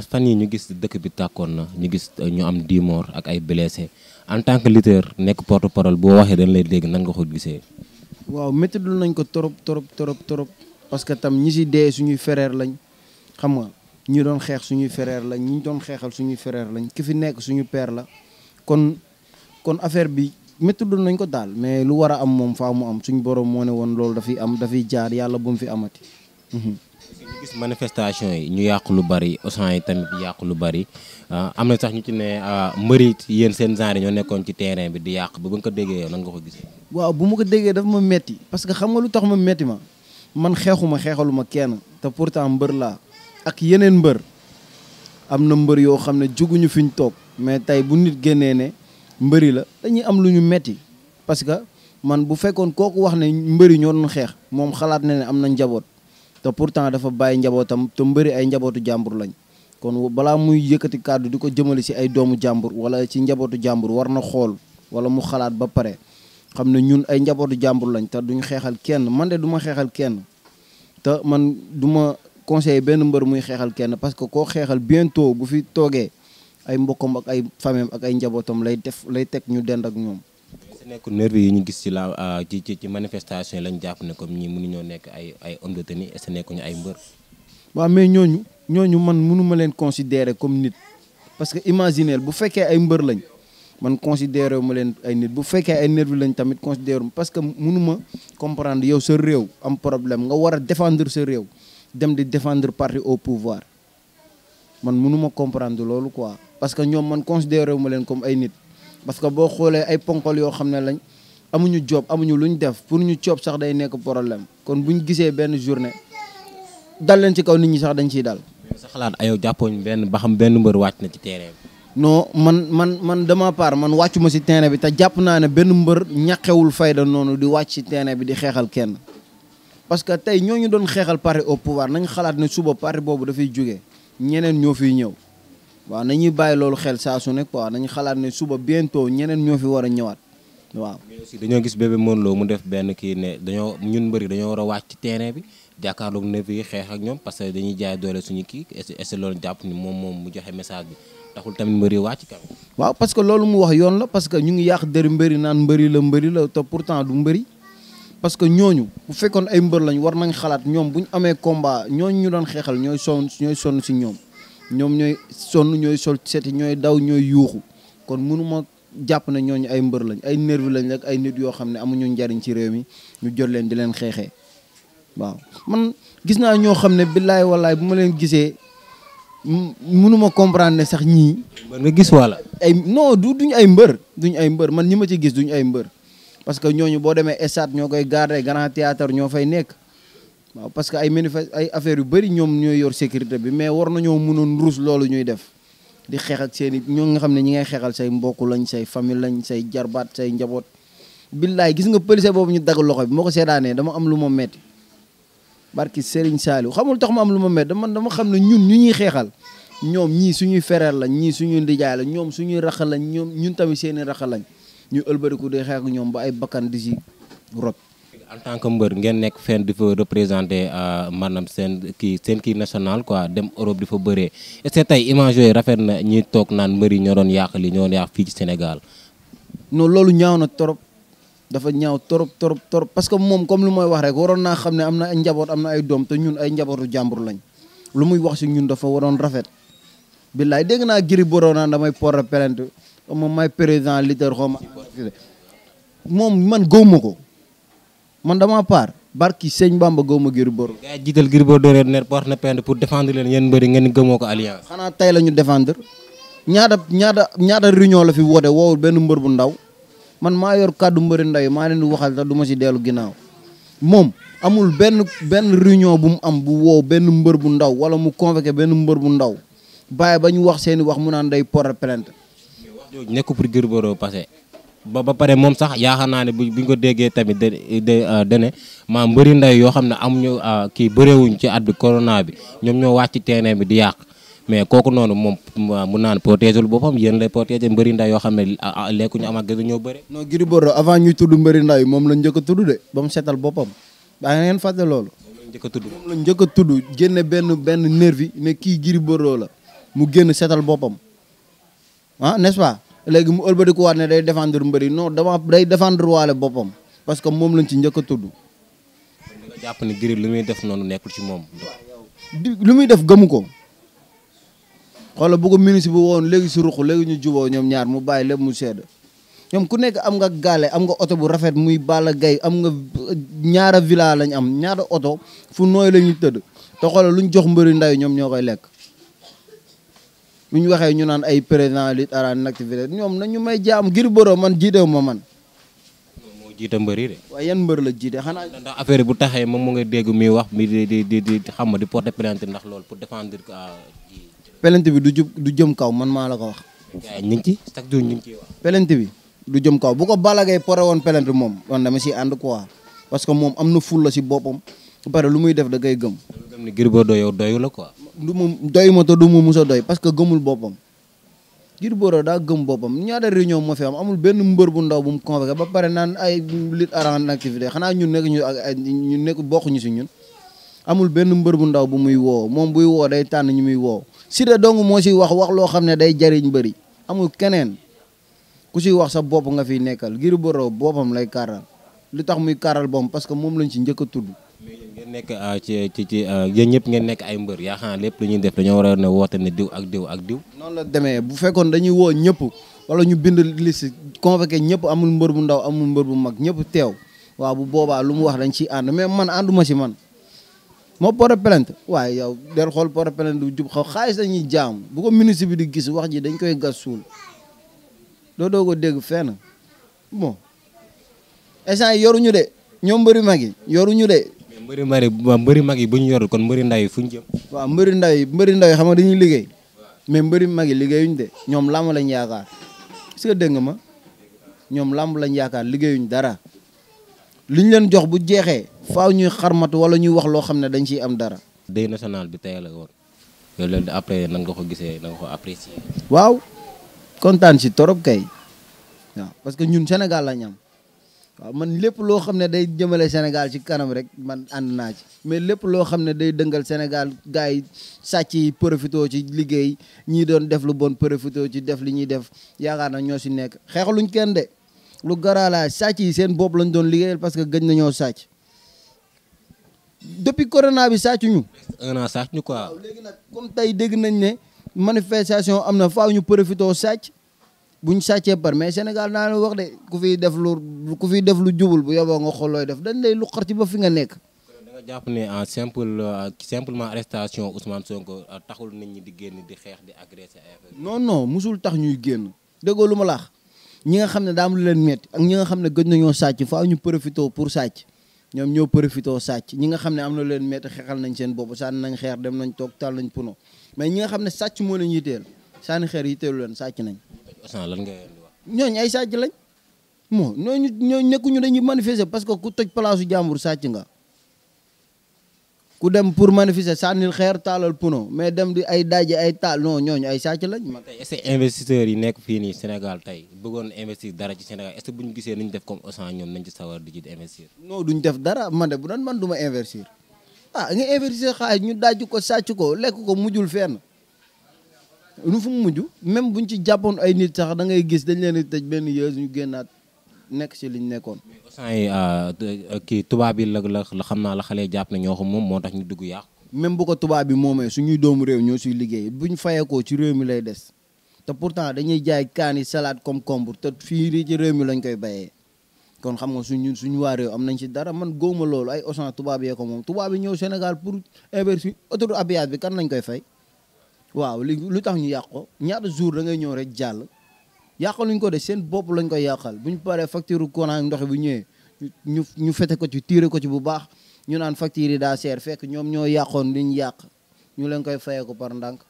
Laurent fan yi ñu gis dëkk bi tàkkoon na ñu gis euh, ñu am dix ak ay blessés en tant que lutteur nekk porte parole boo waxee dañ lay dégg nanga nga ko gisee. waaw métti dul nañ ko trop trop trop trop parce que tam ñi si dee suñuy frères lañ xam nga ñi doon xeex suñuy frères lañ ñi doon xeexal suñuy frères lañ ki fi nekk suñu père la kon kon affaire bi. métti dul nañ ko daal mais lu war a am moom faa mu am suñ borom moo ne woon loolu dafay am dafay jaar yàlla bu mu fi amati ñu gis manifestation yi ñu yàq lu bari Auchan yi tamit yàq lu bari ah, am na sax ñu ci ne ah, mbëri yéen seen genre ñoo nekkoon ci terrain bi di yàq ba ba nga ko déggee yow nan nga ko gisee. waaw bu ma ko déggee daf ma metti parce que xam nga lu tax ma metti ma man xeexuma xeexaluma kenn te pourtant mbër laa ak yeneen mbër am na mbër yoo xam ne juguñu fi ñu toog mais tey bu nit génnee ne mbëri la dañuy am lu ñu metti parce que man bu fekkoon kooku wax ne mbëri ñoo xeex moom xalaat na ne am na njaboot te pour temps dafa bàyyi njabootam te mbëri ay njabootu jàmbur lañ kon balaa muy yëkkati kàddu di ko jëmale si ay doomu jàmbur wala ci njabootu jàmbur war na xool wala mu xalaat ba pare xam ne ñun ay njabootu jàmbur lañ te duñu xeexal kenn man de du ma xeexal kenn te man du ma benn mbër muy xeexal kenn parce que koo xeexal bientôt bu fi toogee ay mbokkam ak ay famem ak ay njabootam lay def lay teg ñu dend ak ñoom si nekkul yi ñu gis ci la euh, ci ci ci lañ jàpp ne comme ñi mënuñoo nekk ay ay homme de tenue est-ce nekkuñu ay mbër. waa mais ñooñu ñooñu man mënuma leen considérer comme nit parce que imaginer bu fekkee ay mbër lañ man considéré ma leen ay nit bu fekkee ay nervi lañ tamit considéré wu parce que mënuma comprendre yow sa réew am problème nga war a défendre sa réew dem di défendre partie au pouvoir man mënuma comprendre loolu quoi parce que ñoom man considéré ay nit parce que boo xoolee ay ponkol yoo xam ne lañ amuñu job amuñu luñ def pour ñu coob sax day nekk problème kon bu ñu gisee benn journée dal leen ci kaw nit ñi sax dañ ciy daal sa xalaat ayow jàppoon benn ba benn mbër na ci terrain bi. man man man dama part man wàccuma ci terrain bi te jàpp naa ne benn mbër ñaqewul fayda noonu di wàcc ci terrain bi di xeexal kenn. parce que tey ñooñu doon xeexal parti au pouvoir nañ xalaat ne suba parti boobu dafay jógee ñeneen ñoo fi ñëw. waaw nañuy bàyyi loolu xel saa su ne quoi nañu xalaat ne suba bientôt ñeneen ñoo fi war a ñëwaat waaw. mais dañoo gis bébé Modou Lo mu def benn kii ne dañoo ñun mbëri dañoo war a ci terrain bi jàkkaarloog neuf yi xeex ak ñoom parce que dañuy jaay doole suñu kii est loolu jàpp ni moom moom mu joxe message bi taxul tamit mbëri wàcc kam waaw parce que loolu mu wax yoon la parce que ñu ngi yàq dër mbëri naan mbëri la mbëri la te pourtant du mbëri parce que ñooñu bu fekkoon ay mbër lañu war nañ xalaat ñoom bu ñu amee combat ñooñu ñu doon xeexal ñooy sonn ñooy sonn si ñoom ñoom ñooy sonn ñooy sol seti ñooy daw ñooy yuuxu kon mënuma jàpp na ñooñu ay mbër lañ ay nervi lañ rek ay nit yoo xam ne amuñu njariñ ci réew mi ñu jot leen di leen xeexee waaw man gis naa ñoo xam ne billaay wallaay bu ma leen gisee mënuma comprendre ne sax ñii. mbër nga gis wala. ay non du duñ ay mbër duñ ay mbër man ñi ma ci gis duñ ay mbër parce que ñooñu boo demee stade ñoo koy garder grand théâtre ñoo fay nekk waaw parce que ay manifeste ay affaire yu bëri ñoom ñooy yor sécurité bi mais war nañoo mënoon ruus loolu ñuy def di xeex seen i ñoo nga xam ne ñi ngay xeexal say mbokk lañ say famille lañ say jarbaat say njaboot billaay gis nga policier boobu ñu dagg loxo bi moo ko seedaanee dama am lu ma metti barki Serigne Saliou xamul tax ma am lu ma metti man dama xam ne ñun ñu ñuy xeexal ñoom ñii suñuy fereer lañ ñii suñuy ndijaay la ñoom suñuy raxa lañ ñoom ñun tamit seen i raxa lañ ñu ëlbatiku di xeex ak ñoom ba ay bakkan di si rot en tant que mbër ngeen nekk feen di fa représenté euh, maanaam seen kii seen kii national quoi dem Europe di fa bëree est ce que tey image yooyu rafet na ñi toog naan mbër yi ñoo doon yàq li ñoo doon yàq fii ci Sénégal. non loolu ñaaw na trop dafa ñaaw trop trop trop parce que moom comme lu mooy wax rek waroon naa xam ne am na ay am na ay doom te ñun ay njabootu jàmbur lañ lu muy wax si ñun dafa waroon rafet. billaay dégg naa Gris Bordeaux naan damay porter plainte moom may président leader xaw ma moom man gëw ma ko. man dama paar barki sëñ Bamba góob ma Gris Bordeaux. gars yi jiital Gris Bordeaux ne porte na pour défendre leen yéen mbëri ngeen xanaa tey la ñu défendre ñaata ñaata ñaata réunion la fi woote woowul benn mbër bu ndaw man maa yor kàddu mbëri ndaw yi maa leen di waxal te du ma si dellu ginnaaw moom amul benn benn réunion bu mu am bu woow benn mbër bu ndaw wala mu convoqué benn mbër bu ndaw bàyyi ba ñu wax seen i wax mu naan day porte plainte. wax jooju nekk pour Gris Bordeaux ba ba pare moom sax yaakaar naa ne bu buñ ko déggee tamit da da euh, dane maa mbëri ndey yoo xam ne amuñu euh, kii bëreewuñ ci at bi corona bi ñoom ñoo ci terrain bi di yàq mais kooku noonu moom mun naan protéger lu boppam yéen lay protéger mbëri nday yoo xam ne lekkuñu am ak gëstu ñoo bëri. noo Gris Bordeaux avant ñuy tudd mbëri nday moom la njëkk tudd de ba mu seetal boppam baa ngeen loolu. moom lañ tudd moom njëkk tudd génne benn benn nervi ne kii Gris Bordeaux la mu génn setal boppam ah nest léegi mu ëlbatikuwaat ne day défendre mbëri non dama day défendre waale boppam parce que moom lañ ci njëkk a tudd. ne Gris lu muy def noonu nekkul ci moom. lu muy def gëmu ko xoolal bu ko ministre bi woon léegi si ruq léegi ñu juboo ñoom ñaar mu bàyyi lépp mu sedd ñoom ku nekk am nga gaale am nga oto bu rafet muy Balla gay am nga euh, ñaara villa lañ am ñaara oto fu nooy la ñuy tëdd te xoolal luñ jox mbëri ndaw ñoom ñoo koy lekk. bu ñu waxee ñu naan ay président lutte na activité ñoom nañu may jaam Gris Bordeaux man jiitew ma man. moo jiite mbër yi waaye yan mbër la jiite xanaa. ndax affaire bu taxee moom mu nga dégg muy wax mi di di di di xam di porter plainte ndax loolu pour défendre. Ah, plainte bi du jub du jëm kaw man maa la ko wax. waaw ngi ci chaque jour ñu ngi ciy wax. bi du jëm kaw bu ko Balla Gaye poré woon plainte moom man dama siy ànd quoi parce que moom am na ful la si boppam ba pare lu muy def da ngay gëm. da ngay gëm ni Gris yow doyu la quoi. du mu doy ma te du mu mus doy parce que gëmul boppam Gris Bordeaux daa gëm boppam ñaata réunion moo fi am amul benn mbër bu ndaw bu mu convoqué ba pare naan ay lutte arrangé activité xanaa ñun nekk ñu ak ñu nekk bokkuñu si ñun amul benn mbër bu ndaw bu muy woo moom buy woo day tànn ñu muy woo Siteu dong moo si wax wax loo xam ne day jariñ bëri amul keneen ku si wax sa bopp nga fiy nekkal Gris Bordeaux boppam lay kaaral li tax muy kaaral boppam parce que moom lañ si njëkk a tudd mais nekk ah, ci ci ah, ñëpp ngeen nekk ay mbër yaa xam lépp lu ñuy def dañoo war a ne woote ne diw ak diw ak diw. noonu la demee bu fekkoon dañuy woo ñëpp wala ñu bind liste convoqué ñëpp amul mbër bu ndaw amul mbër bu mag ñëpp teew waaw bu boobaa lu mu wax dañ ciy ànd mais man ànduma si man. moo porte plainte waaye yow del xool porte plainte du jub xaw xaalis dañuy jaam bu ko ministre bi di gis wax ji dañ koy gas suul ko dégg feena bon. instant yoruñu de ñoom mbëri mag yi yoruñu de. mbëri mari waaw mbëri mag yi bu ñu yorul kon mbëri ndaw yi fu ñu jëm waaw mbëri ndaw yi mbëri ndaw yi xam nga dañuy liggéey mais mbëri mag yi liggéeyuñ de ñoom làmb lañ yaakaar est-ce que nga ma ñoom làmb lañ yaakaar liggéeyuñ dara li ñu leen jox bu jeexee faaw ñuy xarmatu wala ñuy wax loo xam ne dañ ciy am dara day national bi tey la woon yow leen di après nan nga ko gisee nan nga ko apprécier waaw kontaan si torop kay waaw parce que ñun Sénégal lañ waaw man lépp loo xam ne day jëmale Sénégal ci kanam rek man ànd naa ci mais lépp loo xam ne day dëngal Sénégal gars yi sàcc yi profitoo ci liggéey ñii doon def lu bon profitoo ci def li ñuy def yaakaar na ñoo si nekk xeexluñ kenn de lu gara sàcc yi seen bopp lañ doon liggéeyal parce que gëj nañoo sàcc depuis corona bi sàcc ñu. un an sàcc ñu quoi. léegi nag comme tey dégg nañ ne manifestation am na faaw ñu profitoo sàcc. bu buñ sàccee par mais Sénégal naa wax de ku fi def lu ku fiy def lu jubul bu yoboo nga xool def dañ lay lu xar ci ba fi nga nekk. da nga jàpp ne en simple euh, simplement arrestation Ousmane Sonko euh, taxul nit ñi di génn di xeex di agressé ay non no musul tax ñuy génn déggoo lu ma laax ñi nga xam ne daa lu leen metti ak ñi nga xam ne gëj nañoo sàcc faaw ñu profité pour sàcc. ñoom ñoo profité sàcc ñi nga xam ne am na leen metti xeexal nañ seen boobu sànni nañ xeer dem nañ toog tal nañ puno mais ñi nga xam ne sàcc moo leen yitteel sànni xeer yitteelu leen sàcc nañ Auchan lan nga leen di wax. ñooñu ay sàcc lañ moo ñooñu ñooñu nekkuñu dañuy manifester parce que ku toj palaasu jàmbur sàcc nga. ku dem pour manifester sànnil xeer taalal puno mais dem di ay daje ay taal non ñooñu ay sàcc lañ. man tey est-ce que investisseurs yi nekk fii nii Sénégal tey bëggoon investir dara ci Sénégal est-ce que bu ñu gisee ni ñu def comme Auchan ñoom nañ ci sawar di ci investir. non duñ def dara man de bu doon man du ma investir ah nga investir xaalis ñu daj ko sàcc ko lekk ko mujjul fenn. lu fu mu mujj même buñ ci jàppoon ay nit sax da ngay gis dañ leen di benn yées ñu génnaat nekk ci liñ nekkoon. mais yi euh, euh, kii tubaab yi la la xam naa la xale jàpp na ñoo ko moom moo tax ñu dugg yàqu. même bu ko tubaab bi moomee suñuy doomu réew ñoo suy liggéey buñ fayeekoo ci réew mi lay des te pourtant dañuy jaay kaani salade concombre te fii ci réew mi lañ koy bayee kon xam nga suñ suñu waa réew am nañ ci dara man góoma loolu ay Auchan tubaab yee ko moom tubaab yi ñëw Sénégal pour investir autoroute à bi kan lañ koy fay. waaw li lu tax ñu yàq ñaar ñaata jour da ngay ñëw rek jàll yàqaluñ ko de seen bopp lañ koy yàqal bu ñu paree facture courant ndox bu ñëwee ñu ñu fete ko ci tiire ko ci bu baax ñu naan facture yi daa fekk ñoom ñoo yàqoon ñu yàq ñu leen koy fayee ko par ndànk